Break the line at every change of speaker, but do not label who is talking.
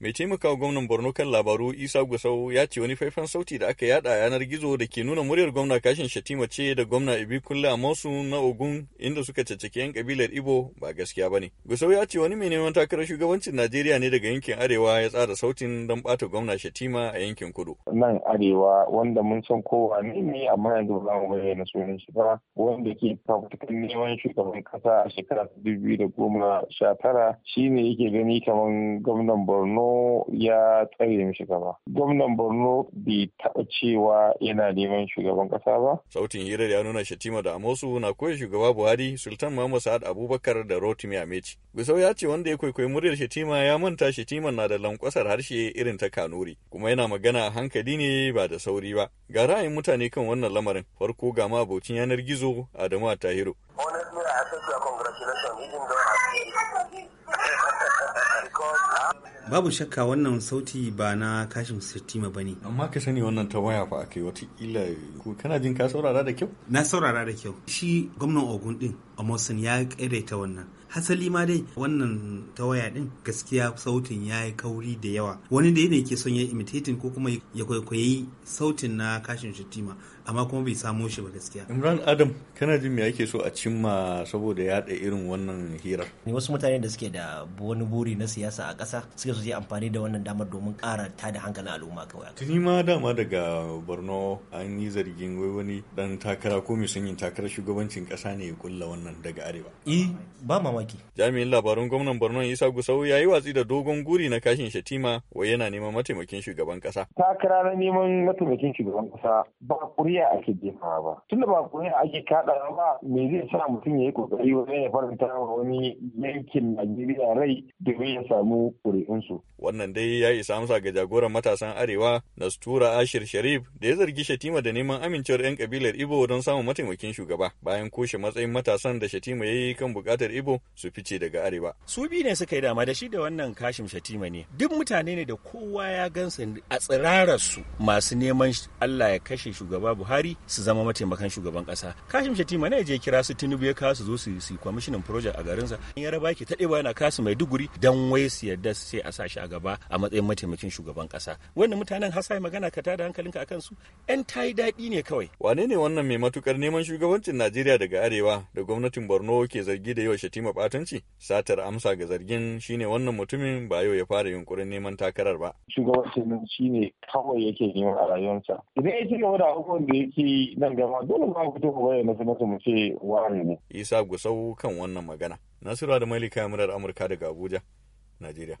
mai taimakawa gwamnan borno kan labaru isa gusau ya ce wani faifan sauti da aka yada a yanar gizo da ke nuna muryar gwamna kashin shatima ce da gwamna ibi kulle a na ogun inda suka caccaki yan kabilar ibo ba gaskiya ba ne gusau ya ce wani mai neman takarar shugabancin najeriya ne daga yankin arewa ya tsara sautin don bata gwamna shatima a yankin kudu
nan arewa wanda mun san kowa ne ne amma yanzu ba mu bayyana sunan shi ba wanda ke fafutukan neman shugaban kasa a shekara ta dubu da goma sha tara shine yake gani kamar gwamnan borno ya tsare mishi gaba gwamnan borno bai taɓa cewa yana neman shugaban ƙasa ba
sautin hirar ya nuna shatima da amosu na koya shugaba buhari sultan muhammad sa'ad abubakar da rotimi ameci bisau ya ce wanda ya kwaikwayi muryar shatima ya manta Shatima na da lankwasar harshe irin ta kanuri kuma yana magana a hankali ne ba da sauri ba ga ra'ayin mutane kan wannan lamarin farko ga ma abokin yanar gizo adamu tahiru babu
shakka wannan sauti ba na kashin sirtima ba ne amma ka sani wannan ta waya fa wata watakila ko kana jin ka saurara da kyau na saurara da kyau shi gwamnan ogun din amosin ya ta wannan hasali ma dai wannan ta waya din gaskiya sautin ya yi kauri
da yawa wani
da ne ke son ya imitating ko kuma ya kwaikwayi sautin na kashin sittima amma kuma bai samo shi ba gaskiya
imran adam kana jin me ake so a cimma saboda yaɗa irin wannan hirar
wasu mutane da suke da wani buri na siyasa a ƙasa suke so su yi amfani da wannan damar domin ƙara ta da hankalin al'umma kawai
tuni ma dama daga borno an yi zargin wai wani dan takara ko mai sanyin takarar shugabancin ƙasa ne ya kulla wannan daga arewa
eh ba mamaki
jami'in labarun gwamnan borno isa gusau ya yi watsi da dogon guri na kashin shatima wai yana neman mataimakin shugaban ƙasa
takara na neman mataimakin shugaban ƙasa ba ƙuri kuriya ake jefa ba tun da ba kuma ake kada ba me zai sa mutum ya yi kokari wajen ya faranta wa wani yankin najeriya rai domin ya samu kuri'unsu. wannan
dai ya isa amsa ga jagoran matasan arewa nastura ashir sharif da ya zargi shatima da neman amincewar 'yan kabilar ibo don samun mataimakin shugaba bayan kushe matsayin matasan da shatima ya yi kan bukatar ibo su fice daga arewa su biyu ne suka yi dama da shi da wannan kashim shatima ne duk
mutane ne da kowa ya gansa a su masu neman allah ya kashe shugaba buhari su zama mataimakan shugaban kasa kashim shatima ne je kira su tinubu ya kawo su zo su yi kwamishinan project a sa in ya raba ki taɗewa yana kasu mai duguri dan wai su yarda sai a sa shi a gaba
a matsayin mataimakin shugaban kasa
wannan mutanen hasa magana ka tada hankalinka akan su yan tayi daɗi
ne kawai wane ne wannan mai matukar neman shugabancin najeriya daga arewa da gwamnatin borno ke zargi da yawa shatima batanci satar amsa ga zargin shine wannan mutumin ba yau ya fara yunkurin neman
takarar ba shugabancin shine kawai yake neman a rayuwarsa idan ya ci gaba da abubuwan da da nan gaba dole ba ku tuka bayyana su mutum mu ce ware ne.
Isa Gusau kan wannan magana. Nasiru da Malika Yamurar Amurka daga Abuja, Najeriya.